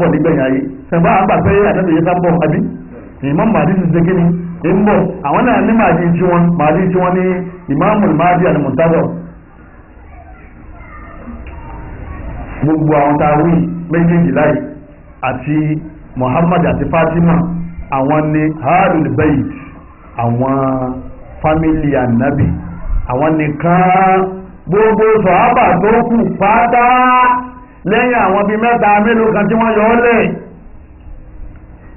bọ̀ nígbẹ̀yìn ayé sẹ̀mbá àgbà pé àtẹ́tẹ̀ yẹn sábọ̀ àbí ìmáàmù Mahdi ti ṣe kíni ń bọ̀ àwọn náà ní Mahdi tí wọn Mahdi tí wọn ní ìmáàmù Mahdi àlùmọ̀tàdọ̀ gbogbo àwọn tá a wí méjèèjì láì àti Muhammad àti Fatima àwọn ní haadul bayt àwọn fámìlì ànábì àwọn nìkan gbogbo sọ̀hábà tó kù pátá lẹ́yìn àwọn bíi mẹ́ta mélòó kan tí wọ́n yọ ọ́ lẹ̀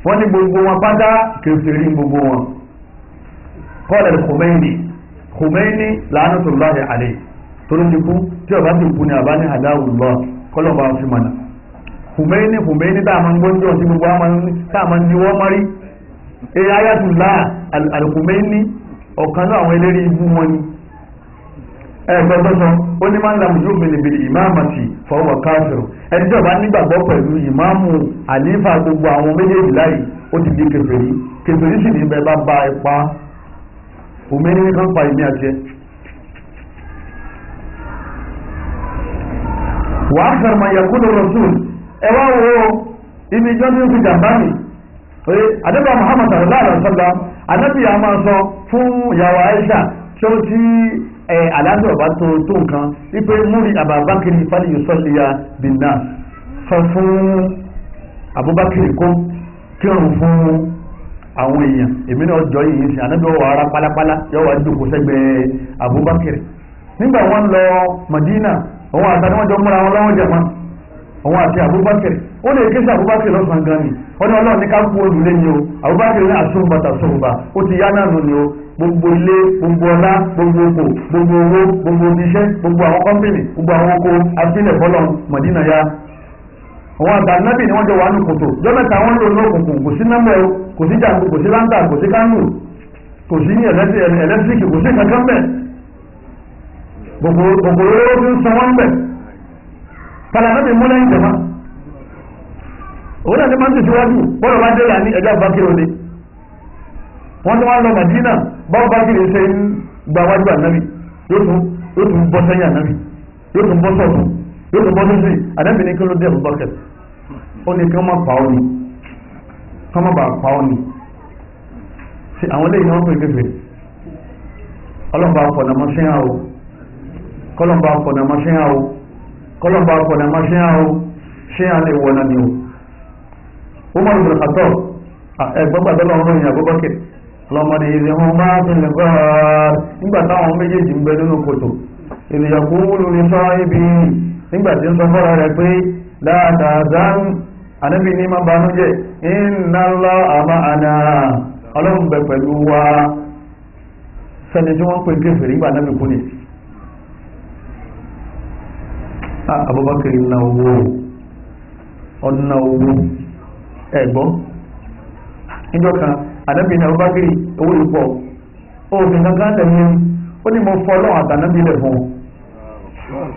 wọ́n ní gbogbo wọn pátá kèfèrí gbogbo wọn kọ́lẹ̀ Khomeini Khomeini làánú tó lọ́ọ̀rẹ̀ àlè torí ti kú tí ọba ti kú ni àbá ní àdáwù lọ kọ́lọ̀ bá fi mọ̀nà Khomeini Khomeini tá a máa ń gbọ́njọ́ tí gbogbo tá a máa ń niwọ́ mọ́rí ẹ̀yà ayatollah al ọ̀kan náà àwọn eléré ibú wọn ni ẹgbẹ́ tọ́sọ ó ní máa ń lamu yóò mele bèrè for fọwọ́ káfíìrù ẹni tí ọba nígbàgbọ́ pẹ̀lú ìmáàmù àlífà gbogbo àwọn méjèèjì láyè ó ti di kèfèrí kèfèrí sì ní bẹ́ẹ̀ bá ba ẹ pa òmìnirí kan pa ìní àti ẹ. wàá sàrmà yakúlò ibi fi jàmbá mi anábìyà máa sọ fún aisha ẹ aláàbí ọba tó tó nǹkan wípé múri àbàbákiri fàlìyàn sọ́lìyà bìnnà sọ fún abubakar kó kírun fún àwọn èèyàn èmi náà jọ yìí sí ànábì ọwọ́ ara pálápálá yóò wá jókòó sẹ́gbẹ̀ẹ́ abubakar nígbà wọn lọ madina àwọn àtàwọn wọn jọ múra wọn lọ́wọ́ jẹ̀mọ́ àwọn àti abubakar ó lè ké sí abubakar lọ́sàn-án gan ni ó ní ọlọ́run ní ká kú olùlé ni o abubakar ní àsùnbàtà sùnbà ó ti yá náà nù ni o gbogbo ilé gbogbo ọlá gbogbo oko gbogbo owó gbogbo iṣẹ́ gbogbo àwọn kọ́mpìnì gbogbo àwọn oko abílẹ̀ bọ́lọ̀ mọ̀dínà ya àwọn àgbàlábì ni wọ́n jọ wà ní kòtò jọ́mẹ́ta wọ́n lò ní òkùnkùn kò sí nọ́mbà o kò sí jàǹdù kò sí láńtà kò sí kánù kò sí ní ẹ̀lẹ́tíríkì kò sí kankan bẹ̀ gbogbo owó fi ń san wọ́n bẹ̀ palamẹ́bì múlẹ̀ ìjọba òun náà ni máa ń tẹ̀síwájú bọ́lọ̀ bá dé là ní ẹjọ́ àbákẹ́ òde wọ́n ti wá lọ Màdínà bọ́ọ̀bá sì lè ṣe ń gba wájú ànábì yóò tún bọ́ sẹ́yìn ànábì yóò tún bọ́ sọ̀tún yóò tún bọ́ sẹ́sì ànábì ní kí ló dé Abubakar ó ní kí wọ́n má pa ọ́ ni kí wọ́n má bàa pa ọ́ ni ṣe àwọn eléyìí ni wọ́n pè kéfèé ọlọ́mọba fọ̀nà mọ́ṣẹ́ hàn o kọ́lọ́mọba fọ̀nà mọ́ṣẹ́ hàn o kọ́lọ́mọba fọ̀nà mọ́ṣẹ́ hàn o ṣé o. Umar bin Khattab lọmọdé ìdí wọn bá fìlì gbọ́ọ̀rọ̀ nígbà táwọn méjèèjì ń bẹ nínú kòtò ìrìyàkú lórí sọ ibi nígbà tí ń sọ fọ́ra rẹ̀ pé dáadáa anábì ní máa banújẹ́ iná lọ àmà àná ọlọ́run bẹ ni Abubakar na owó owó ẹ̀gbọ́n níjọ́ kan ànábì ní abubakiri owó yìí pọ̀ òfin kankan tẹ̀lé ó ní mo fọ́ ọlọ́run àtànábì lẹ̀ fún un.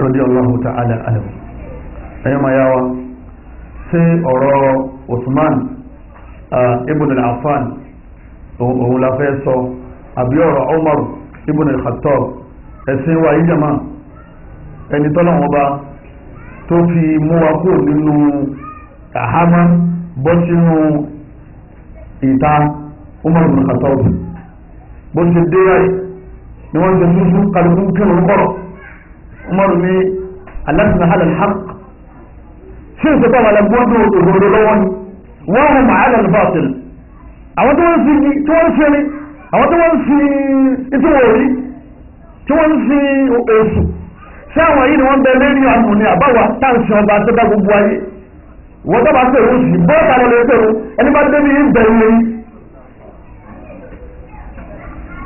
rọ́dí ọlọ́run ta'ala alam ẹ̀yọ́ máa yá wa sí ọ̀rọ̀ Usman ibn al-Affan òun la fẹ́ sọ àbí ọ̀rọ̀ Umar ibn al-Khattab ẹ̀sìn wa yìí jama ẹni tọ́lọ́wọ́n ba tó fi mú wa kúrò nínú àhámọ́ bọ́ sínú ìta Umar bin Khattab bó ti dé ayé ni wọ́n ti mú fún kálukú kírun kọ́rọ̀ Umar ní aláṣẹ hàlẹ́ hàk sí ìsèpá wà lẹ́gbọ́dọ̀ òdòdó lọ́wọ́ ni wọ́n hù mà àlẹ́ bàtìl àwọn tó wọ́n fi tí wọ́n fi ni àwọn tó wọ́n fi ètò òrí tí wọ́n fi èsù sí yìí ni wọ́n bẹ lẹ́yìn àmúni àbáwá táǹsì ọba tó dá gbogbo ayé wọ́n tó bá sẹ́rù yìí bọ́ọ̀tà lọ lè sẹ́rù ẹni bá débi ń bẹ̀rù lórí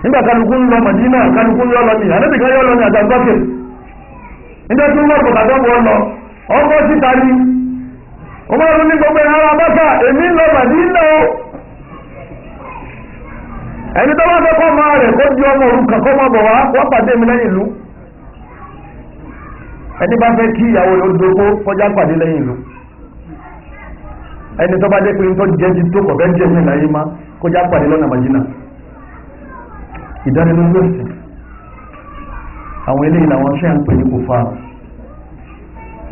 nígbà kálukú ń lọ màdínà kálukú yọ lọ ní àdébì kan yọ lọ ní àjàgbọ́kè nígbà tí wọ́n kọ̀ọ̀tà dọ́gbọ̀ lọ ọkọ̀ síta ní wọ́n máa ní gbogbo ẹ̀rọ abáta èmi ń lọ màdínà o ẹni tó bá fẹ́ kọ́ máa rẹ̀ kó di ọmọ òrukàn kó máa bọ̀ wá wọ́n pàdé mi lẹ́yìn ìlú ẹni bá fẹ́ kí ìyàwó rẹ̀ ó dogbó kọjá pàdé lẹ́yìn ìlú ẹni tó bá dé pé tó jẹ́ ti tó kọ̀ọ̀kẹ́ jẹ́ mi láyé má kó já pàdé lọ́nà màjínà ìdánilójú ẹ̀sìn àwọn eléyìí làwọn ṣe ń pè ní kò fa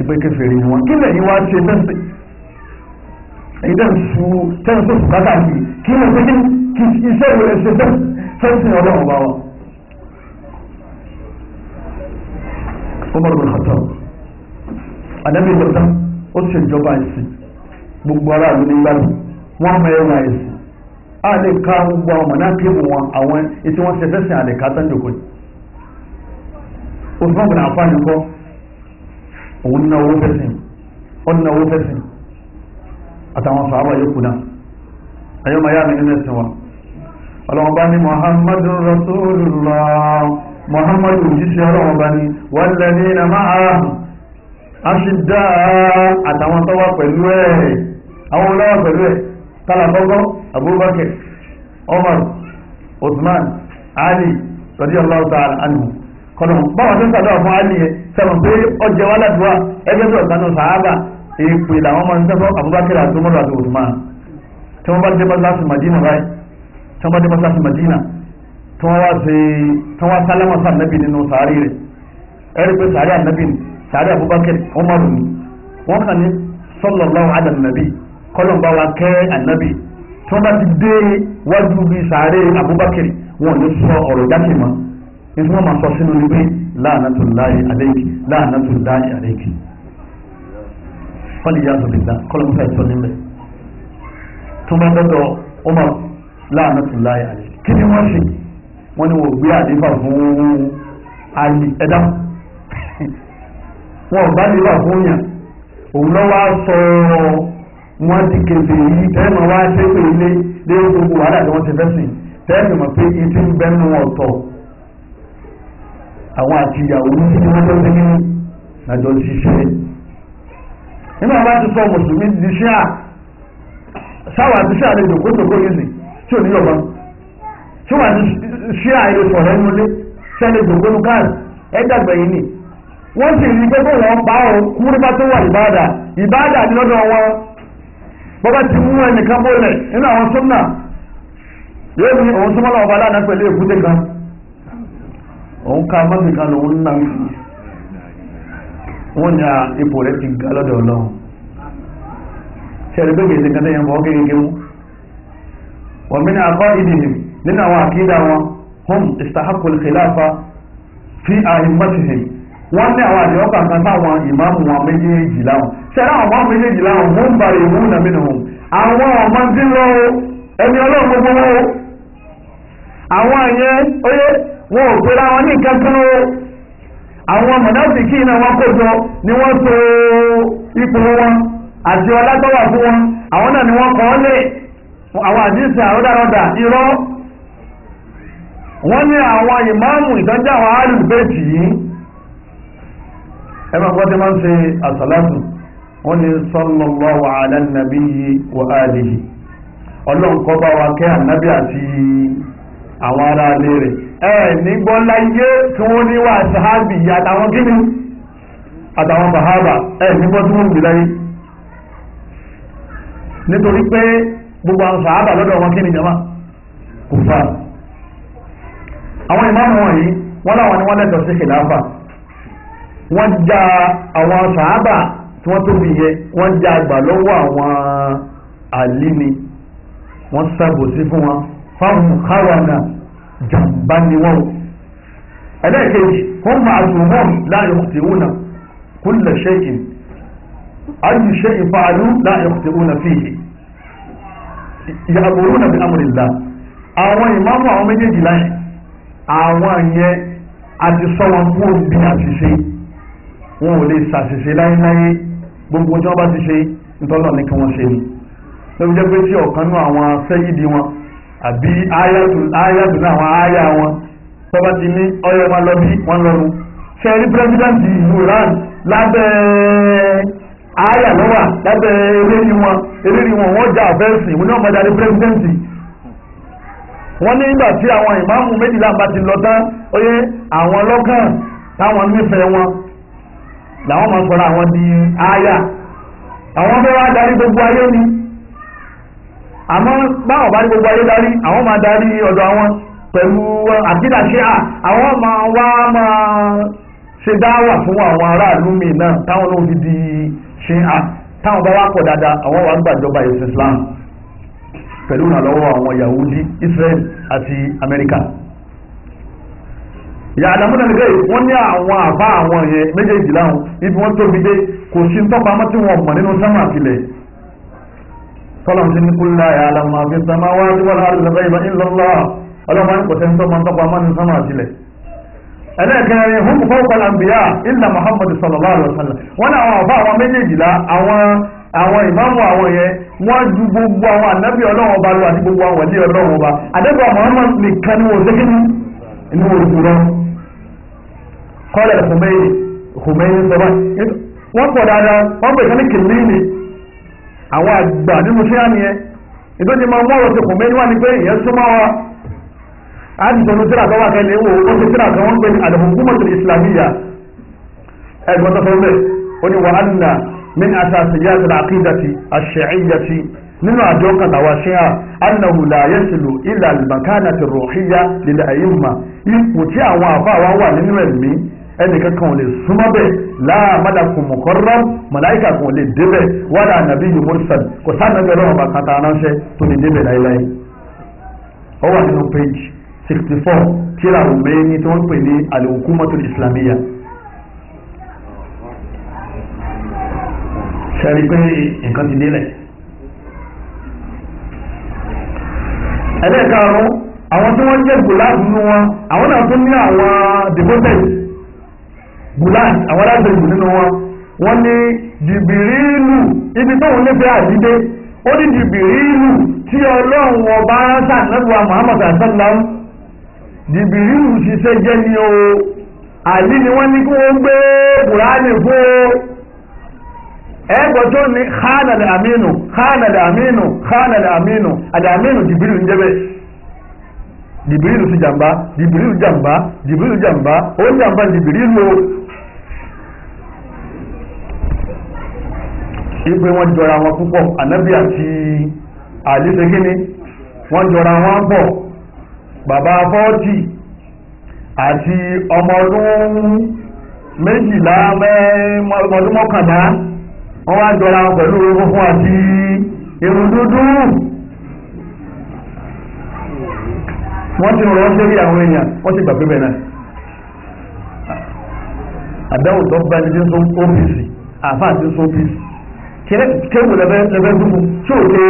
ìpè kèfèrí ni wọn kí lẹ́yìn wá ṣe tẹ́sí ẹ̀yìn tẹ́sí fún tẹ́sí fún kákàkiri kí ló ṣe kí iṣẹ́ ìwé ṣe tẹ́sí ọlọ́run bá wa. Umar bin Khattab anabi lọ́tà ó ṣèjọba ìsìn gbogbo ara àlú ní gbàgbọ́ wọ́n mọ ẹ̀wọ̀n ẹ̀sìn a lè ka gbogbo àwọn mọ̀nàkìmù wọn àwọn etí wọ́n ṣe fẹ́sìn àlè tán jòkó ni Usman bin Affan kọ́ òun ná owó fẹ́sìn òun ná owó fẹ́sìn àtàwọn sàábà yòókù náà ẹ̀yọ́ nínú ẹ̀sìn wa ọlọ́wọ́n bá ní Muhammadu Rasulullah Muhammadu òjíṣẹ́ ọlọ́wọ́n bá ní àwọn olówó pẹ̀lú ẹ̀ tálàkọ́kọ́ Abubakar Omar Usman Ali radiyallahu ta'ala anhu kọ̀nà báwọn tó ń sàdúrà fún Ali yẹn sẹ́wọ̀n pé ọjọ́ wa ládùúgbà ẹgbẹ́ tó ọ̀sán náà sàábà èèpè làwọn máa ń sẹ́fọ́ Abubakar àti Omar àti Usman tí wọ́n bá dé bá láti Madina báyìí tí wọ́n bá dé bá láti Madina tí wọ́n wá ṣe tí wọ́n sálámà sí ànábì nínú sàárì rẹ̀ ẹ̀rí pé sàárì ànábì sàárì Abubakar Omar ni wọ́n kàn ní sallallahu ala nabi kọlọ̀mbá wa kẹ́ ànábì tí wọ́n bá ti dé wájú bíi sàárè Abubakar wọn ò ní sọ ọ̀rọ̀ ìdákẹ́ mọ́ nítorí wọ́n máa sọ sínú ní pé la'natullahi alayki la'natullahi alayki fọ́nì yàtọ̀ bìlá kọlọ̀mbá ẹ̀tọ́ nílẹ̀ tí wọ́n bá dọ́dọ̀ ọmọ la'natullahi alayki kí ni wọ́n ṣe wọ́n ní wọ́n gbé àdébà fún Ali ẹ̀dá wọn ò bá lè wà fún yàn òun lọ́wọ́ á sọ ọ́ wọ́n ti kèsè yìí tẹ́ẹ̀mọ̀ wá ṣépè ilé dé gbogbo wàhálà tí wọ́n ti fẹ́ sìn tẹ́ẹ̀mọ̀ mọ̀ pé etí ń bẹ́ nù ọ̀tọ̀ àwọn àti ìyàwó ní tí wọ́n tó ti ní àjọ ṣiṣẹ́ nínú àwọn àti sọ mùsùlùmí di ṣíà sáwà àti ṣíà lè dòkó dòkó yìí nì tí ò ní yọ̀bọ tí wọ́n àti ṣíà lè sọ̀rọ̀ ẹnu lé ṣíà lè dòkó nù káàdì ẹ̀dàgbẹ̀ yìí nì wọ́n sì rí pé kó pa ọ́ kúrúbá tó wà ìbáàdà ìbáàdà bọ́bá ti mú ẹnìkan bọ́lẹ̀ nínú àwọn súnà yóò ní òun súnmọ́ lọ́wọ́ bá lánàá pẹ̀lú èkúté kan òun ká mọ́sí kan lòun náà wọ́n ní ipò rẹ̀ ti ga lọ́dọ̀ ọlọ́run ṣẹ̀rí pé kìí ṣe kan tẹ́yẹ̀ bọ́ kékeré mú wọ́n mi ní akọ́ ìdìbò nínú àwọn àkídà wọn hum istahakul khilafa fi ahimatihim wọ́n ní àwọn àdéhùn kankan táwọn ìmáàmù wọn méjèèjì láwọn sẹ́rà àwọn méjèèjì láwọn mú ń bari ìmú nàmí nù àwọn ọmọ ti ń lọ o ẹni ọlọ́run gbogbo wọn o àwọn àyẹn oyè wọn ò a wọn ní nǹkan kan o àwọn mọ̀nàfíkì náà wọn kó jọ ni wọ́n so ipò wọn àti ọlágbọ́wà fún wọn àwọn náà ni wọ́n kọ́ wọ́n ní sallallahu ala nabiyyi wa wa kẹ́ ànábì àti àwọn ará alẹ́ rẹ̀ ẹ̀ láyé tí wọ́n ní wà sáhábì àtàwọn kíni àtàwọn bàhábà ẹ̀ nígbọ́ tí wọ́n ń gbìláyé nítorí pé gbogbo àwọn sàhábà lọ́dọ̀ wọn kíni jama kò fà àwọn ìmáàmù wọn yìí wọ́n láwọn ni sí kìláfà já àwọn sàhábà tí wọ́n tóbi yẹ wọ́n já àgbà lọ́wọ́ àwọn àlíni wọ́n ṣàbòsí fún wọn fáwọn káwọnà jàǹbá ni wọ́n ẹlẹ́ẹ̀kejì wọ́n máa dùn mọ́ láàyò tí wọ́n náà kúlẹ̀ ṣẹ́yìn ayé ṣẹ́yìn fàálù láàyò tí wọ́n náà fìyè ìyàbòrò nàbí amúrìlá àwọn ìmáàmù àwọn méjèèjì láyé àwọn yẹn àti sọ wọn kúrò bí àṣìṣe wọn ò lè ṣàṣìṣe láyéláyé gbogbo tí wọ́n bá ti ṣe ntọ́lọ̀ ní kí wọ́n ṣe ni ló fi jẹ́ pé tí ọ̀kan nú àwọn sẹ́yìdì wọn àbí ayádùn náà àwọn ayá wọn tó bá ti ní ọyọ máa lọ bí wọ́n lọ́nu ṣe rí pírẹ́sidẹ́ǹtì ìlú Iran lábẹ́ ayá lọ́wà lábẹ́ eléyìí wọn eléyìí wọn wọ́n já àfẹ́sì wọn náà mọ̀dá ní pírẹ́sidẹ́ǹtì wọ́n ní nígbà tí àwọn ìmáàmù méjìlá bá ti lọ tán ó yẹ àwọn lọ́kàn táwọn nífẹ̀ẹ́ wọn làwọn máa sọ̀rọ̀ àwọn di aya àwọn fẹ́ wá darí gbogbo ayé ni àmọ́ báwọn bá ní gbogbo ayé darí àwọn máa darí ọ̀dọ̀ àwọn pẹ̀lú àkídà ṣíà àwọn máa wá máa ṣe dáwà fún àwọn aráàlú mi náà táwọn ló fi di ṣíà táwọn bá wá pọ̀ dáadáa àwọn wà gbàjọba ìsìn Islam pẹ̀lú ìrànlọ́wọ́ àwọn Yahudi Israel àti Amẹ́ríkà. ya náà nìkan yìí wọ́n ní àwọn àbá àwọn yẹn méjèèjì láwọn ibi wọ́n tóbi dé kò sí tọ́pamọ́ tí wọ́n mọ̀ nínú sámà tilẹ̀ tọ́lọ̀ ti ní kúlá yà lámà fi wá sí wọ́n láti lọ́gbẹ́ ìbá ìlọ́lá ọlọ́mọ ní kò sẹ́ni tọ́pamọ́ tọ́pamọ́ nínú sámà muhammad wa sallam àwọn àbá àwọn méjèèjìlá gbogbo lọ inú oṣù rẹ kọ́lẹ̀ Khomeini Khomeini sọ́bà wọ́n pọ̀ dáadáa wọ́n pè kán ní kìlíìnì àwọn àgbà nínú ṣíà nìyẹn ìdóni máa wọ́n rọ̀ṣẹ̀ Khomeini wà ní pé ìyẹn súnmọ́ wa àdìsọ́nù tíra kan aka kẹ́lẹ́ wò ó ṣe tíra kan wọ́n pè ní na hukumatul islamiyya ẹ̀gbọ́n tó nínú àjọ kàtàwà ṣíà annahu la yasilu ila almakanati ruhiyya lil a'imma ipò tí àwọn àfáàwá wà nínú ẹ̀mí ẹnìkan kan ò lè súnmọ́ bẹ́ẹ̀ láàmàlà kò mukarram màláìkà kan ò lè débẹ̀ wàdà nabiyyu mursal kò sáà nàbẹ̀ lọ́wọ́ bá kàtà ránṣẹ́ tó lè débẹ̀ láéláé ó wà nínú page sixty four tíra òmẹ́ni tí wọ́n pè ní al-hukumatul islamiyya ṣe rí pé nǹkan ti délẹ̀. ọrụ àwọn tí wọ́n jẹ́ gulag nínú wọn àwọn náà tún ní àwọn deposit gulag àwọn alágbèrè nínú wọn wọ́n ní dìbìrìlù ibi tóun nífẹ̀ẹ́ àdídé ó ní dìbìrìlù tí ọlọ́run ọba sàtẹ́wà muhammad sallam dìbìrìlù ṣiṣẹ́ jẹ́ ni o àlí ni wọ́n ní gbé fún o. ẹgbẹ́ tó ní khana al-aminu khana al-aminu khana al-aminu al-aminu jìbìrì ń jẹ́bẹ̀ jìbìrì sí jàmbá jìbìrì jàmbá jìbìrì jàmbá ó jàmbá jìbìrì lò ìpè wọn jọra wọn púpọ̀ ànábì àti àlísegínní wọn jọra wọn pọ̀ bàbá fọ́ọ̀tì àti ọmọ ọdún méjìlá ọmọ ọdún mọ́kànlá. wọ́n wá jọra wọn pẹ̀lú owó fún àti irun dúdú wọ́n ti rọ̀ sórí àwọn èèyàn wọ́n ti gbàgbé bẹ̀ náà àdáwò tó bá ẹni tí ń sún ọ́fíìsì àfáà tí ń ọ́fíìsì kéwù lẹ́fẹ́ dúdú tí ò ṣe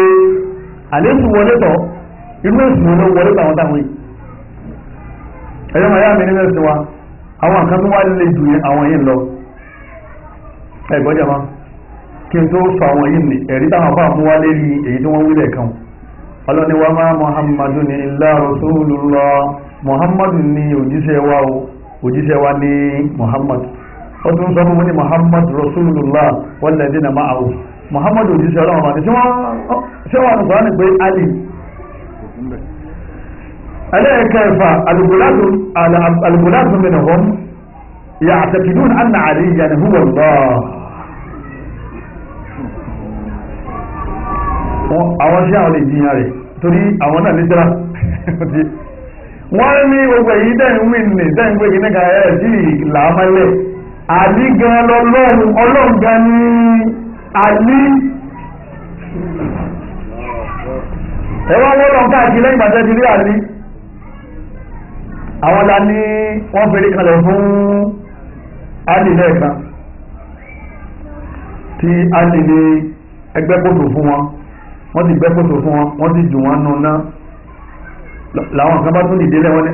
àlékún wọlé tọ̀ inú èsì ló wọlé tọ̀ àwọn táwọn yìí ẹ̀yọ́ màá yá mi nínú ẹ̀sìn wa àwọn àkàndínwá lè jù àwọn yìí lọ ẹ̀gbọ́n jẹ́ máa kí n tó sọ àwọn yìí ni ẹ̀rí táwọn bá mú wá lérí èyí tí wọ́n wílẹ̀ kan ọlọ́ni wa máa muhammadu ni illa rasulullah muhammadu ni òjíṣẹ́ wa o òjíṣẹ́ wa ni muhammadu ó tún sọ fún mi ní muhammadu rasulullah walladina ma'ahu muhammadu òjíṣẹ́ ọlọ́run àti ṣé wọ́n sọ ní pé ali ẹlẹ́ẹ̀kẹfà alùbùlátùmínà hom yàtàkìdún anna aliyan huwa allah àwọn ṣé àwọn lè jiyàn rẹ̀ torí àwọn náà lè dára wọ́n ní gbogbo èyí dẹ́yìn wí ní dẹ́yìn pé kìnnìkà ẹ̀ sí làámẹ́lẹ̀ àlí gan lọ́lọ́run ọlọ́run gan ní àlí ẹ̀wọ́n wọ́lọ́run káàkiri lẹ́yìn pàṣẹ ti rí àlí àwọn la ní wọ́n fèrè kalẹ̀ fún àlí lẹ́ẹ̀kan tí àlí ní ẹgbẹ́ kòtò fún wọn wọ́n ti gbẹ́ kótó fún wọn wọ́n ti jù wọ́n nù ná làwọn kan bá tún dìde lẹ́wọ́n ní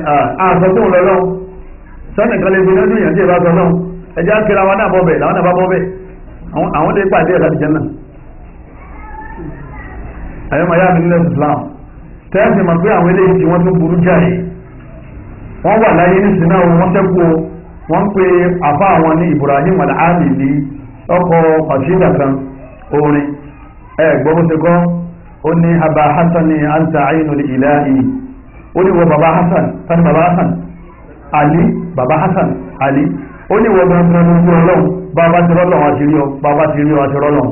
àṣọ tó ń lọ lọ́wọ́ sọ́nà kan lè fi lọ́dún yẹn tí ì bá sọ lọ́wọ́ ẹjẹ́ àkèrè àwọn náà bọ́ bẹ̀ làwọn náà bá bọ́ bẹ̀ àwọn lè pàdé ẹ̀ láti jẹ́ náà ẹ̀yọ́ máa yá mi nílẹ̀ Islam tẹ́ẹ̀sì máa gbé àwọn eléyìí tí wọ́n tún burú jáì wọ́n wà láyé nísìn náà wọ́n sẹ́kù o wọ́n ń pe àfa àwọn ní Ibrahim al-Amidi ọkọ̀ àṣírí kan orin ẹ̀ gbọ́ bó ṣe kọ́ ó ní abba hasan ní anta ainul ilahi ó ní wọ baba hasan tani baba hasan ali baba hasan ali ó ní wọ gbọmọgbọmọ gbogbo ọlọ́run bàbá ti rọlọ́run àti rí ọ bàbá ti rí ọ àti rọlọ́run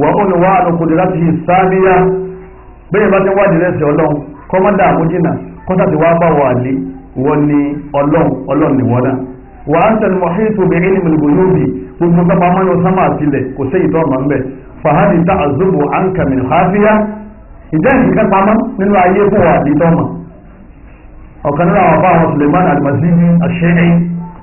wọ ó ní wà á lóko dèrè láti sáníyà bẹ́ẹ̀ bá ti wá dèrè ẹsẹ̀ ọlọ́run kọ́mọ́dà àmójìnà kọ́tà ti wá bá wọ àlè wọ́n ní ọlọ́run ọlọ́run nìwọ́n náà wà á ń tẹnu mọ̀ hẹ́ẹ̀tì obìnrin ní mùlùmùlùmí gbogbo ìjẹ́ ìkíkẹ́ pamọ́ nínú ayé fún wa àti ìtọ́mọ̀ ọ̀kan nínú àwọn ọba àwọn Suleiman alimasi ní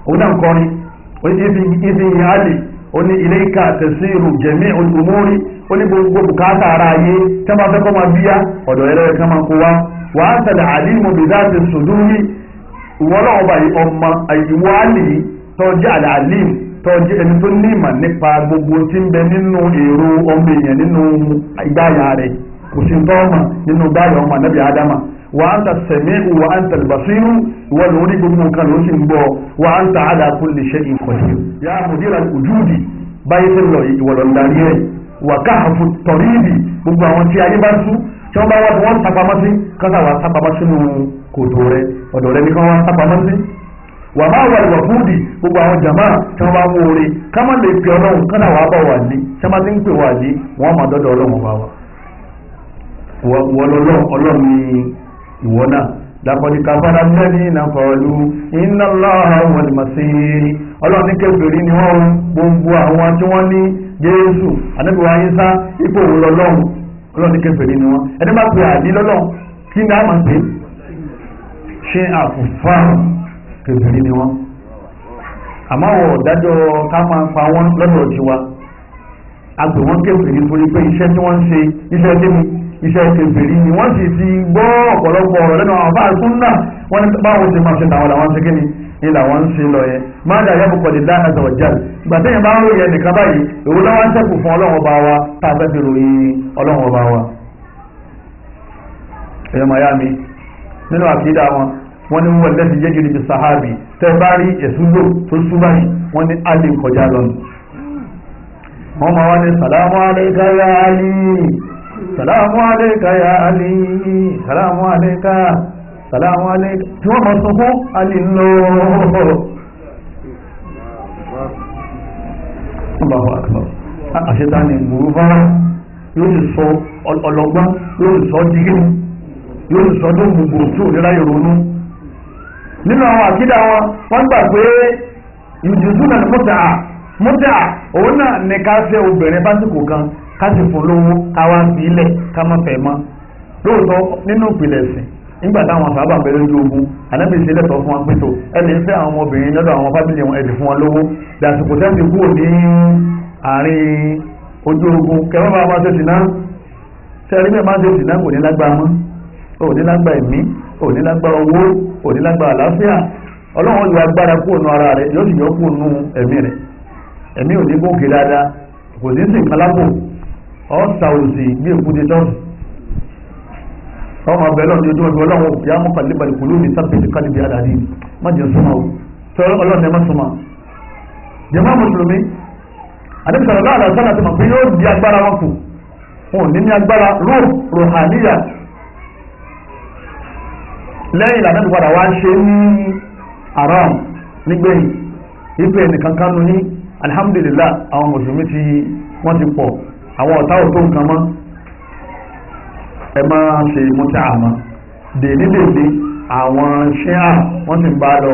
òun náà kọrin ibi ìyáàlì oní ilé ìka tẹ̀síìrù jẹ̀mí olùmọ́rí oní gbogbo bùkátà ara ayé tẹ́ bá fẹ́ kọ́ máa bíyá ọ̀dọ̀ ẹ̀rẹ́ kan máa kó wa wà á tẹ̀lé àlímù bìdá ti sùdúrí ìwọ ọba ọmọ ìwọ àlì tọ́jú àlè tọ́jú ẹni tó ní ìmọ̀ nípa gbogbo tí ń bẹ nínú èrò ọmọ èèyàn nínú kò sí tọ́ọ̀mà nínú báyọ̀ ọmọ anábì ádámà wà á ń ta sẹ̀mí wà á ń ta bàṣírù wà lórí gbogbo nǹkan ló sì ń bọ̀ wà á ń ta àdá kó lè ṣe ìkọ̀lẹ̀ yà á mú díra ojúdi báyé ṣe gbogbo àwọn tí ayé bá tú tí wọ́n bá wá wọ́n sápamọ́ sí kọ́sà wà sápamọ́ sínú kòtò rẹ ọ̀dọ̀ rẹ ní kọ́ wọ́n sápamọ́ sí wà gbogbo àwọn jàmá tí wọ́n bá ń wọlé ká má lè pè ọlọ́run kọ́nà wàá bá wà ní tí wọ́n bá ti ń pè wà ní wọ́n wọlọlọ ọlọ́run ìwọ náà dàpọ̀dì kàfàdà lẹ́ni ìnàkọ̀ọ́lù iná láàá wọn ọlọ́run ní kèfèrí ni wọ́n gbogbo àwọn tí wọ́n ní jésù anábìwá yíṣá ipò òun lọ́lọ́run ọlọ́run ní kèfèrí ni wọ́n ẹni bá pè àdí lọ́lọ́run kí ni a máa pè ṣe àfùfà kèfèrí ni wọ́n àmọ́ wọ̀ dájọ́ ká máa pa wọ́n lọ́dọ̀ tiwa agbè wọ́n kèfèrí torí pé iṣẹ́ tí wọ́n ń ṣe iṣẹ́ tí iṣẹ́ kẹfìrí ni wọ́n sì ti gbọ́ ọ̀pọ̀lọpọ̀ ọ̀rọ̀ lẹ́nu àwọn afáà tún náà wọ́n ní báwo ṣe máa ṣe làwọn làwọn ṣe kíni ni làwọn ń ṣe lọ yẹn má dà yẹ kọkọ lè dá àṣà ìgbà téèyàn bá ń ròyìn ẹnìkan báyìí èwo láwọn ṣẹ́kù fún ọlọ́run ọba wa tá a fẹ́ fi ròyìn ọlọ́run ọba wa. ẹ̀yọ́ màá yá mi nínú àkídà wọn wọ́n ní wọ́n lẹ́sìn yé gidi bí sahabi tẹ́ bá rí ẹ̀sùn tó sún báyìí wọ́n ní alẹ́ kọjá lọ́nà. wọ́n máa wá ní sàlámù aláìkáyà alì Salamu àlékà ya alì sàlámù àlékà sàlámù àlékà tí wọ́n mọ̀ sọ fún alì ń lọ. Allahu akbar àṣetánì gbòòrò yóò lè sọ ọlọ́gbọ́n yóò lè sọ dígé yóò lè sọ ọdún gbogbo tí ò nira ìrònú nínú àwọn àkídà wọn wọ́n gbà pé ìjùsùn náà mọ́tà mọ́tà òun náà nìka fẹ́ obìnrin básìkò kan ká sì polówó ká wá sí ilẹ̀ ká má fẹ́ mọ́ lóòótọ́ nínú ìpìlẹ̀ ẹ̀sìn nígbà táwọn sábà bẹ̀rẹ̀ ojú ogun ànábì ṣe lẹ́tọ̀ọ́ fún wọn pé tó ẹni fẹ́ àwọn ọmọbìnrin lọ́dọ̀ àwọn fábìlì wọn ẹ̀dì fún wọn lówó dàsìkò tẹ́ ti kúrò ní àárín ojú ogun kẹfẹ́ máa máa ṣe sìná sẹ́rí bẹ́ẹ̀ máa ṣe sìná kò ní lágbá mọ́ ò ní lágbá ẹ̀mí ò ní lágbá owó ò ní lágbá àlàáfíà ọlọ́run yóò agbára kúrò nù ara rẹ̀ yóò sì yọ kúrò nù ẹ̀mí rẹ̀ ẹ̀mí ò ní gòkè dáadáa kò ní sì kálábò ọ̀sà òsì bí èkúté tán ọmọ abẹ lọ́nà ojú ọjọ́ ọlọ́run ya mú kàlí balẹ̀ kò lóde sábẹ̀tì kálí bí adàdí má jẹ́ súnmọ́ o tọ́ ọlọ́run ẹ má súnmọ́ jàmáà mùsùlùmí àdébí sọ̀rọ̀ láàrín àṣà láti mọ̀ pé yóò di agbára wọn kù wọn ò ní ní agbára ró ròhàníyà lẹ́yìn ìlànà ìpadà wá ṣe ní aram nígbẹ̀yìn ipe ẹnìkan kánú ní alhamdulillah àwọn mùsùlùmí ti wọ́n ti pọ̀ àwọn ọ̀tá ò tó nǹkan mọ́ ẹ máa ṣe mọ́tà àmọ́ dèní dèní àwọn ṣẹ́ à wọ́n sì ń bá lọ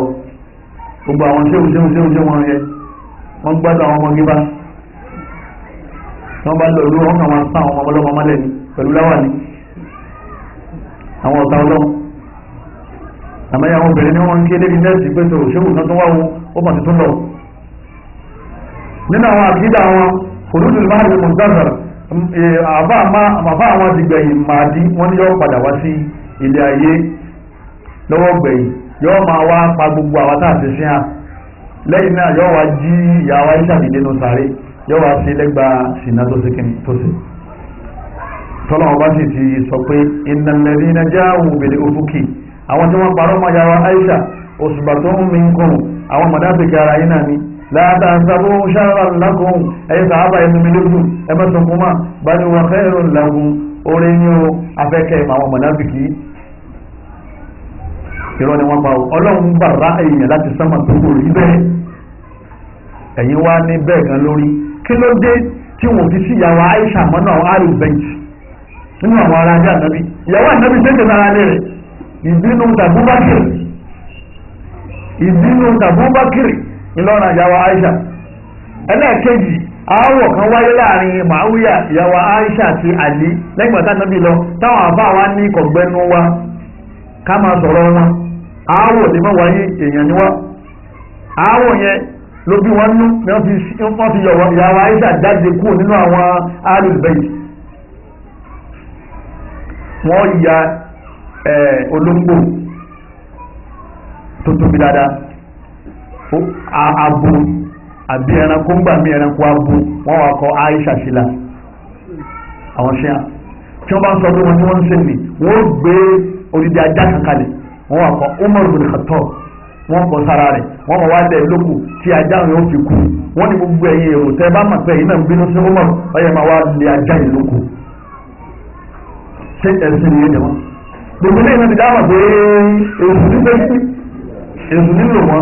gbogbo àwọn ṣéwù ṣéwù ṣéwù ṣéwù wọn yẹ wọ́n gbádùn àwọn ọmọge bá wọ́n bá lọ ìlú wọn kàn máa sá àwọn ọmọ ọlọ́mọ mọ́lẹ̀ ni pẹ̀lú láwà ni àwọn ọ̀tá ọlọ́mọ àmọ́ àwọn obìnrin ni wọ́n ń ké débi nẹ́ẹ̀sì pé tó ṣéwù kan tó wá wọn ó bàtí tó lọ nínú àwọn àkídà wọn olódùn máa rí mọ̀tàzàrà àbá àwọn àdìgbẹ̀yìn màdí wọ́n ní yóò padà wá sí ilé ayé lọ́wọ́ gbẹ̀yìn yóò máa wá pa gbogbo àwọn tá a ti sìn án lẹ́yìn náà yóò wá jí ìyàwó aṣàdìdé nù sáré yóò wá sí lẹ́gbàá sínà tó ṣe kìnnì tó ṣe tọ́lọ́wọ́n bá sì ti sọ pé ìnàlẹ́rí iná jáwù bèlè òfúkì àwọn tí wọ́n parọ́ mọ́ yàrá aisha òṣùbà tó mi ń kùn àwọn mọ̀dáfíkì látàṣàbó ṣára lákòó ẹ̀yẹ sàábà ẹnu mi lójú ẹmẹ́sàn fún máa bá ní wà kẹ́rùn lágún orin ní o afẹ́kẹ́ àwọn mọ̀nàbìkì ìrọ̀ ni wọ́n pa o ọlọ́run bá rá èèyàn láti sánmà tó kò rí bẹ́ẹ̀ ẹ̀yin wá ní bẹ́ẹ̀ gan lórí kí ló dé tí wọ́n fi sí ìyàwó Aisha mọ́nà àwọn àrùn nínú àwọn ará ajá ànábì ìyàwó ànábì tẹ́tẹ̀ sára lé rẹ̀ ìbínú tàbúbákìrì ìbínú tàbúbákìrì ńlọrọ yawa Aisha keji awo kan waye láàrin màáwíyà yawa Aisha ti Ali lẹ́yìn bàtà nàbí lọ táwọn àbá wa ní kọ̀gbẹ́nu wa ká máa sọ̀rọ̀ wọn aáwọ̀ lè má wáyé èèyàn ni wọ́n aáwọ̀ yẹn ló bí wọ́n nú ni wọ́n fi Aisha jáde kúrò nínú àwọn ya olóńgbò tó tóbi a àbí a ń gbà mí ẹranko wà kọ́ Aisha sílá àwọn ṣe hàn tí wọn bá ń sọ pé wọ́n tí wọ́n ń sìn ní wọ́n gbé odidi ajá kan wọn wà kọ́ Umar bin Khattab wọ́n kọ́ sára wá lóko tí ajá yẹn ó fi kú gbogbo ẹ̀yin èrò tẹ́ bá náà ń bínú sí Umar máa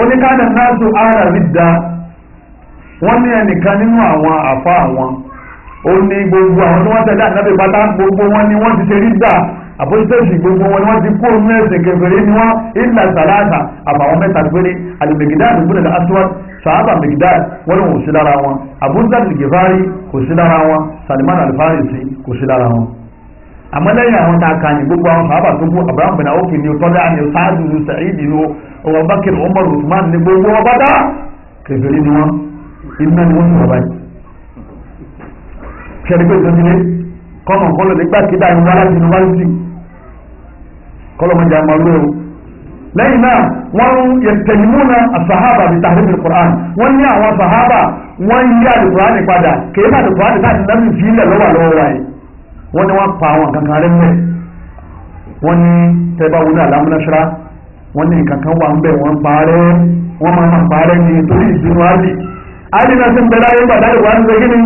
oníkádà náà tó ara rí da wọ́n ní ẹnìkan nínú àwọn àfa àwọn ó ní gbogbo àwọn tí wọ́n tẹ̀lé ànábì pátá gbogbo wọn ni wọ́n ti ṣe rí gbà àpòsítẹ́sì gbogbo wọn ni wọ́n ti kó ní ẹ̀sìn kẹfẹ́rẹ́ ni wọ́n ìlà sàlàtà àbàwọn mẹ́ta péré àlùmẹ̀gídà àdúgbò náà aṣọ sàábà mẹ̀gídà wọ́n ní wọ́n sí lára wọn àbúzà nìgẹ̀fárí kò sí lára wọn Salman Al-Farisi kò sí lára wọn. àmọ́ lẹ́yìn àwọn tá a kàn ní gbogbo àwọn sàábà tó kú Abraham bin awofi ni o ọwọ́ bákẹ́ Umar Usman ní gbogbo wọn bá dá kẹfẹ́rí ni wọn iná ni wọn ń bàbá yìí kẹrin pé ìdọ́júlé kọ́nà kọ́lọ̀ nígbà kí dáa ìwọ́n láti inú wáyé sí kọ́lọ̀ mọ́jà máa lé o lẹ́yìn náà wọ́n yẹtẹ̀yìmúna àsàhábà bíi tàhírí kùrán wọ́n ní àwọn sàhábà wọ́n yí àlùkùrán padà kèé bá àlùkùrán láti náà fi ilẹ̀ lọ́wọ́ lọ́wọ́ wáyé wọ́n ní wọ́n pa àwọn kankan rẹ̀ mẹ́ wọ́n ní tẹ́báwúlẹ̀ alámúnáṣárá wọ́n ní nǹkan kan wà ń bẹ̀ wọ́n parẹ́ wọ́n máa máa parẹ́ ní torí ìsinmi ali ali náà ti ń bẹ láyé gbàdá ìwà ń segin ní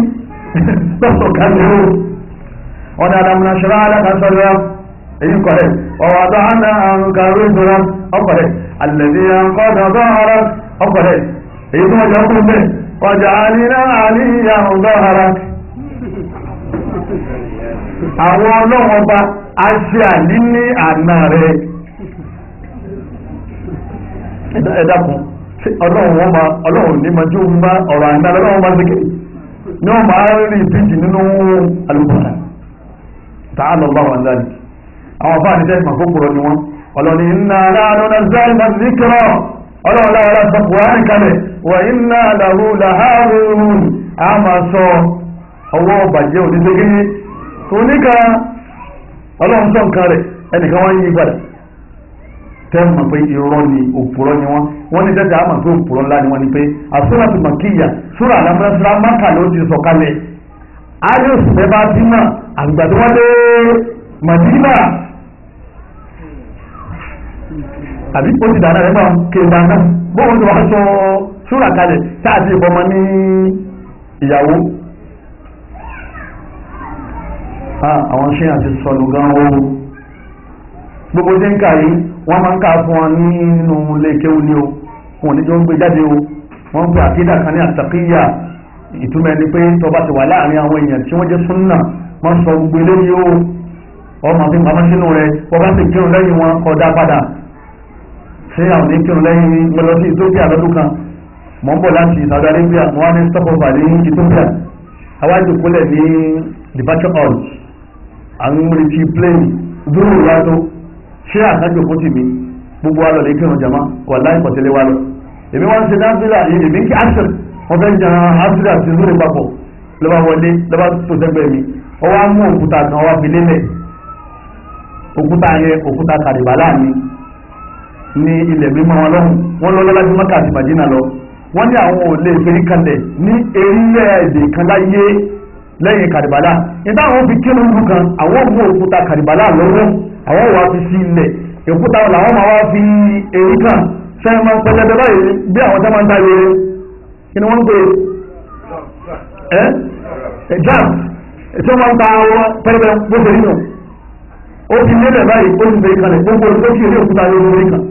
lọ́sọ̀ kálí o ọ̀nà àdàmúnà ṣọlá alákàtọ́lá èyí kọ̀lẹ̀ ọ̀wọ̀ àtọ́ àná àǹkàrú ìṣúra ọkọ̀lẹ̀ àlẹ́bí àǹkọ́dà dọ́hara ọkọ̀lẹ̀ èyí tó ní àná rẹ̀ ẹ̀dàkùn ọlọ́run wọn máa ọlọ́run ní máa jó ń bá ọ̀rọ̀ àìná ọlọ́run máa ṣe kéde ní wọn máa rí ìpíjì nínú alùpùpù tààlọ́ bá wọn láàyè àwọn bá ní sẹ́yìn màkókòrò ni wọn ọlọ́run iná aláàánú náà sẹ́yìn máa ti kírọ̀ ọlọ́run láwọn láti sọ kùránì kalẹ̀ wà iná làwù làhárùn a máa sọ ọwọ́ bàjẹ́ òdìdégé oníkan ọlọ́run sọ nǹkan rẹ̀ ẹnìkan wọ́n yí padà tẹ́mọ̀ pé irọ́ ni òpùrọ́ ni wọ́n wọ́n ní tẹ́tẹ́ àmọ̀ pé òpùrọ́ ńlá ni wọ́n ní pé àsúrà tó màkìyà súrà alámúlẹ́sílá mákà ló ti sọ kalẹ̀ ayé òṣìṣẹ́ bá ti mọ̀ àgbà tó wọ́n dé màdínà àbí ó ti dáná rẹ̀ mọ́ kéwà náà bóun ti wá sọ súrà kalẹ̀ táàtì ìbọmọ ní ìyàwó ah, àwọn ṣé àti sọnù gan-an gbogbo tí ń kà yìí wọ́n máa ń kà fún wọn nínú ilé kéwú ni o wọn ò ní jọ ń gbé jáde o wọ́n ń pè àkídà kan ní àtàkìyà ìtumọ̀ ẹni pé tó bá ti wà láàrin àwọn èèyàn tí wọ́n jẹ́ súnà máa ń sọ gbogbo eléyìí o ọmọ fi pamọ́ sínú rẹ wọ́n bá sì kírun lẹ́yìn wọn kódà padà ṣé àwọn ní kírun lẹ́yìn mo lọ sí Ethiopia lọ́dún kan mọ̀ ń bọ̀ láti Saudi Arabia mo wá ní stopover ní Ethiopia àwájú ní departure hall àwọn ìmúretí plane dúró ìyá tó ṣé ànájò kó tì mí gbogbo wa lọ lè kírun jama kọ̀ láì pọ̀tẹ́lẹ̀ wa lọ èmi wá ń ṣe náfìlà yìí èmi ń kí àṣìr wọ́n fẹ́ jan àṣìr àti zúrù papọ̀ lọ́ba wọlé lọ́ba tó sẹ́gbẹ́ mi wọ́n wá mú òkúta kan wá fi lélẹ̀ òkúta yẹn òkúta kàdìbàlá mi ní ilẹ̀ mímọ́ wọn lọ́hùn wọ́n lọ́ lọ́lá bí mọ́kà àti màdínà lọ wọ́n ní àwọn ò lè kalẹ̀ ní erílẹ̀ èdè kan láyé lẹ́yìn kàdìbàlá ìdáhùn fi kírun kan àwọn òkúta kàdìbàlá lọ́wọ́ àwọn wà fi sí ilẹ̀ èkúta làwọn máa wá fi èyí kàn sẹ́yìn máa ń pẹlẹbẹ báyìí bí àwọn tẹ́ máa ń dáyé kí ni wọ́n ń pè é ẹ́ jam tí wọ́n máa ń ta àwọn pẹlẹbẹ bó ṣe nínú ó ti lébẹ̀ báyìí ó ti bẹ̀rẹ̀ kalẹ̀ gbogbo olùdókì ilé òkúta ní olórí kan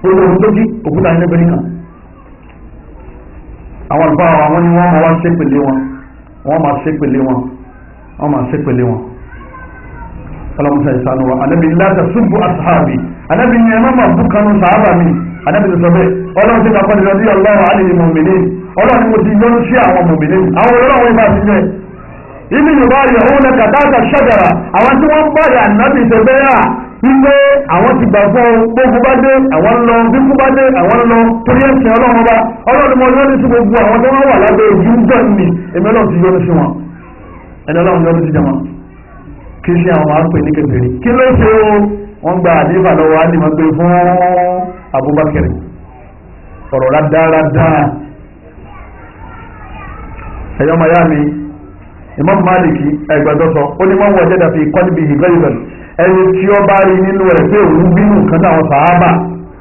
gbogbo olùdókì òkúta ní olórí kan àwọn àgbà àwọn ni wọ́n máa wá ṣépèlé wọn wọ́n máa ṣépèlé wọn wọ́n máa ṣépèlé wọn ọlọ́mọṣà ìsànù wa anábì láti ṣubú àṣàbì anábì ní ẹ̀mọ́ máa bú kanú sàábà mi anábì ti sọ bẹ́ẹ̀ ọlọ́run ti dàpọ̀ ní ọdún ọlọ́run àlejò mọ̀mìnì ọlọ́run mo ti yọ́n sí àwọn mọ̀mìnì àwọn olóòwò ibà ti jẹ́ ibi yorùbá yòówó ní kàtàkà ṣàgàrà àwọn tí wọ́n bá yà nábì ṣe bẹ́ẹ̀ à wípé àwọn ti gbàgbọ́ gbogbo bá dé àwọn lọ bíkú bá dé àwọn lọ torí ẹ̀sìn ọlọ́run ọba ọlọ́run mo yọ́nú sí gbogbo àwọn tí wọ́n wà lábẹ́ ojú gbọ́n ni èmi ti yọ́nú sí wọn ẹni ọlọ́run yọ́nú sí jẹ́ wọn kí sí àwọn máa ń pè ní kèfèrí kí ló ṣe o wọ́n gba àdébà lọ́wọ́ á lè máa gbé fún Abubakar ọ̀rọ̀ rádáradá ẹ̀yọ́ mayami Imam Maliki ẹgbẹ̀dọ́sọ ó ní wọ́n wọ́n jẹ́dà fi kọ́líbi ìgbẹ́yìnbẹ̀rẹ̀ ẹni tí ó bá rí nínú rẹ̀ pé òun bínú kan táwọn sàábà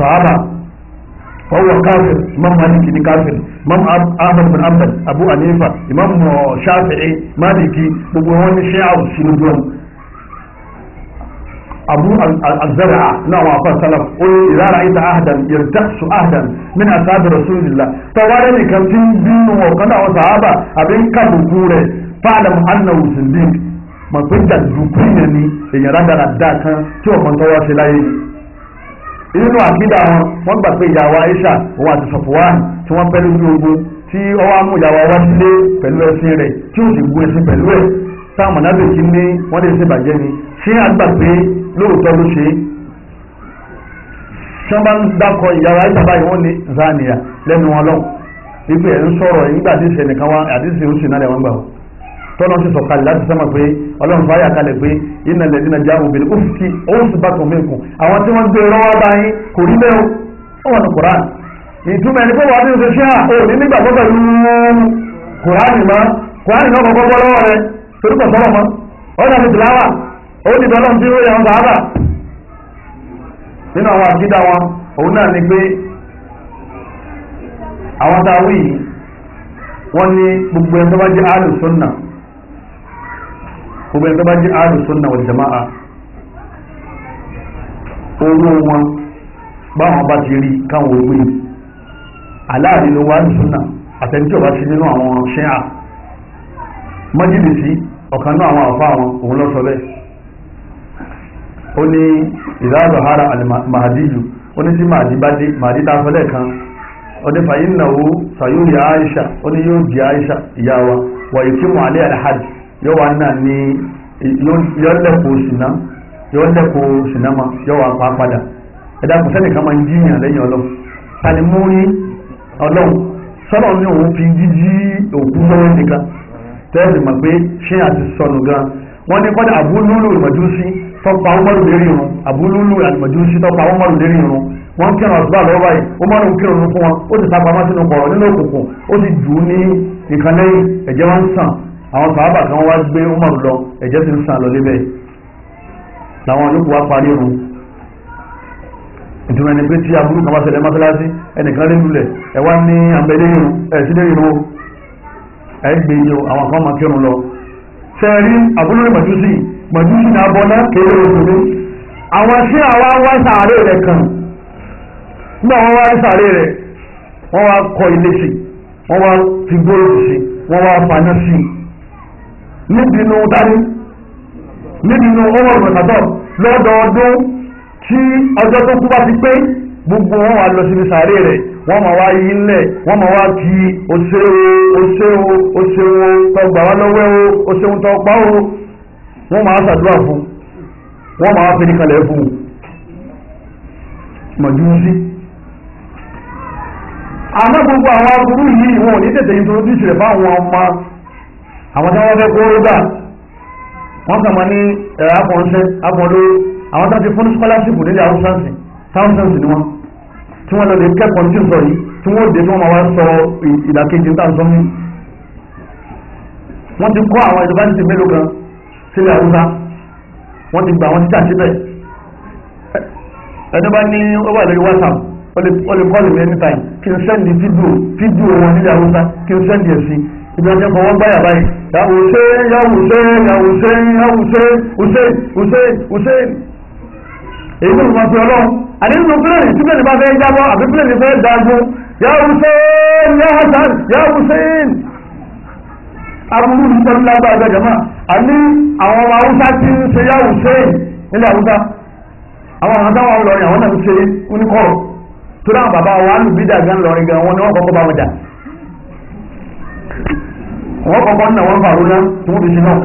sahaba فهو كافر امام مالكي كافر امام احمد بن عبد ابو حنيفه امام شافعي مالكي gbogbo wọn ní ṣẹ́yà òṣìlú dùn abu azara náà wọn afa salaf ó ní ìlara ìta ahadan yẹrìtà su ahadan min asabi rasulillah tọwárẹ nìkan tí ń bínú ọ̀kan náà wọn sàábà àbí ń kàbùkù rẹ fàlàm anna òsìndín mọ̀ pé jàdùkú yẹn ni èèyàn rádaràdà kan tí ọ̀kan tọwọ́ ṣe nínú àkídà wọn wọ́n gbà pé ìyàwó Aisha òun àti Safwan tí wọ́n pẹ́ lójú ogun tí ọwọ́ mú ìyàwó wá sílé pẹ̀lú ẹṣin rẹ̀ tí ó sì gun ẹṣin pẹ̀lú ẹ̀ táwọn mọ̀nàbẹ̀kì ní wọ́n lè ṣe bàjẹ́ ni ṣé àgbà pé lóòótọ́ ló ṣe é sọ́nbà ń dákọ̀ ìyàwó Aisha báyìí wọ́n ní zaniya lẹ́nu wọn lọ́wọ́ wípé ẹ̀ ń sọ̀rọ̀ nígbà àdìsẹ̀ nìkan wá àdìsẹ̀ oṣù náà lẹ́wọ̀n gbà tọ́nà sì sọ̀kalẹ̀ láti sọ́mọ̀ pé ọlọ́run fàáyà kalẹ̀ pé iná lẹ́dí náà jáwọ́ obìnrin ó fi òun sì bá tòun mẹ́kùn àwọn tí wọ́n gbé rọ́wọ́ bá yín kò rí bẹ́ẹ̀ ó wà ní koran ìtumọ̀ ẹni pé wàá bí oṣù ṣíà ò ní nígbà gbọ́dọ̀ lu korani mọ́ korani náà kọ́kọ́ bọ́ lọ́wọ́ rẹ torí kò sọ́wọ́ mọ́ ọ̀dà mi tìláwà ó ní ìdọ́lọ́ tí ó yẹ wọn sàábà nínú àwọn àbídá wọn òun náà ni pé àwọn táwí yìí wọ́n ní gbogbo ẹni tó bá jẹ́ àlùsùn náà gbogbo ẹni tó bá jẹ́ jama'a owó wọn báwọn bá ti rí kan owó yìí aláàrin ló wà àlùsùnnà àtẹni tí ò bá ti nínú awon ṣẹ́à májìlìsí ọ̀kan náà àwọn àfa àwọn o hara al-mahadiyu ó ní sí màdí bá dé màdí a kan ó Aisha ó ní Aisha Iyawa wa wà al yọwa wá náà ní yóò lẹ́kọ̀ọ́ ṣìnà ma yọwa wá pa padà ẹ̀dá kò sẹ́nìkan máa ń jíyàn lẹ́yìn ọlọ́run tani mú ní ọlọ́run sọ́nà ní òun fi jíjí òkú lọ́wọ́ nìkan tẹ́lẹ̀ mọ̀ pé ṣé àti sọnù gan wọ́n ní àbúlúlù ìmọ̀júsí irun àbúlúlù ìmọ̀júsí irun wọ́n lọ́wọ́ báyìí ó ń fún wọn àwọn sàábà kan wá gbé Umar lọ ẹ̀jẹ̀ ti ń sàn lọ lébẹ̀ làwọn olókùn wá parí irun ìtumọ̀ ẹni pé tí aburú kan bá ṣẹlẹ̀ mọ́sálásí ẹnìkan lé lulẹ̀ ẹ wá ní abẹ́lé irun ẹ̀ sílẹ̀ irun ẹ̀ gbé irun àwọn kan máa kírun lọ sẹ́ẹ̀rí àbúrò màjúsì màjúsì náà bọ́ náà kéré òṣèlú àwọn sí àwa wá sàárè rẹ̀ kan nígbà wọn wá sàárè rẹ̀ wọ́n wá kọ ilé sí wọ́n wá ti gbóòrò sí wọ́n wá faná níbi inú dání níbi inú owó ìrọ̀lọ́dọ̀ lọ́dọọdún tí ọjọ́ tó kú bá ti pé gbogbo wọn wà lọ síbi sàárè rẹ̀ wọ́n máa wá yí ńlẹ̀ wọ́n máa wá kí oṣèwò oṣèwò oṣèwò tó wá lọ́wọ́ o oṣèwò tó pa o wọ́n máa ṣàdúrà fún wọ́n máa fi nìkanlẹ̀ fún un mọ̀júnsí. àmọ́ gbogbo àwọn aburú yìí wọn ò ní tètè introduce rẹ̀ fáwọn ọmọ àwọn tí wọ́n fẹ́ kó rí gbà wọ́n kàn máa ní ẹ̀rọ akọ̀ọ́sẹ́ akọ̀ọ́lówó àwọn tó ti fún scholarship nílẹ̀ haúsáǹsì thousands ni wọ́n tí wọ́n lọ lè kẹ́kọ̀ọ́ tí ń sọ yìí tí wọ́n dé tí wọ́n máa wá sọ ìdàkejì níta sọ mí wọ́n ti kọ́ àwọn yunifásitì mélòó kan sílẹ̀ haúsá wọ́n ti gbà wọ́n ti tà síbẹ̀ ẹni bá ní ó wà lórí whatsapp ó lè kọ́ọ̀lù mi anytime kí n sẹ́ndì ibi ọjọ́ kan wọ́n báyà báyìí ya hussein ya hussein ya hussein ya hussein hussein hussein hussein èyí ló mọ̀ sí ọlọ́run àdéhùn pílẹ̀nì tí pílẹ̀nì bá fẹ́ jábọ́ àbí pílẹ̀nì fẹ́ dágún ya hussein ya hasan ya hussein aburú nítorí lágbára ọjọ́ jama àní àwọn ọmọ haúsá ti ń ṣe ya hussein nílẹ̀ haúsá àwọn àwọn táwọn lọrin àwọn náà ń ṣe oníkọ̀rọ̀ tó dáhùn bàbá wa nù bídà gan lọrin gan wọn ni wọn kọ́kọ́ bá wọn jà wọ́n kọ́kọ́ ní àwọn bàrú náà tí wọ́n fi ṣe náà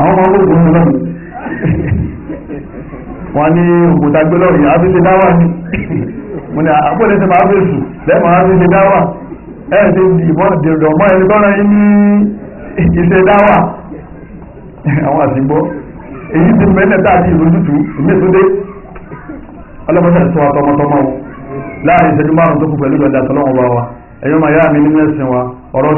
àwọn ọmọ olóògùn ní lọ́nà wọ́n ní òkúta gbé yìí àbí ṣe dáwà ní mo ní àpòlẹ́ ti máa fi sùn lẹ́mọ̀ àbí ṣe dáwà ẹ̀ ṣe ìbọn dèrò mọ́ ẹni tọ́ra yín ní ìṣe dáwà àwọn àtìgbọ́ èyí ti mẹ́lẹ̀ dáàbí ìlójútu ìmẹ́tòdé ọlọ́mọdé sọ àtọmọtọmọ láàrin ìṣẹ́jú márùn-ún tó kù pẹ̀lú ìgbàdà tọ́lọ́wọ́ wa wa ẹ̀yọ́ màá yára mi nínú ẹ̀sìn wa ọ̀rọ̀